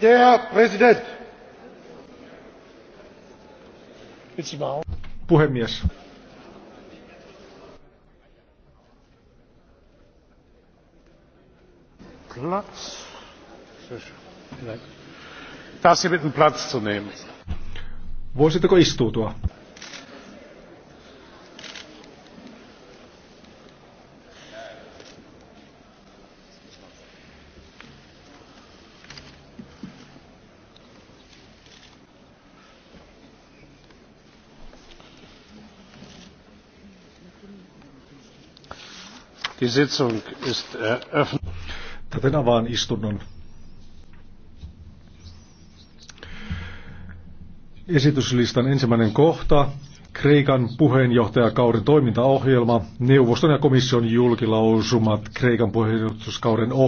Der Präsident. Puhemies. Platz. Darf Sie bitten, Platz zu nehmen? Voisitteko istuutua? Täten avaan istunnon. Esityslistan ensimmäinen kohta. Kreikan puheenjohtajakauden toimintaohjelma, neuvoston ja komission julkilausumat Kreikan puheenjohtajuuskauden ohjelma.